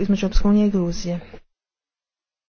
između Europske unije i Gruzije.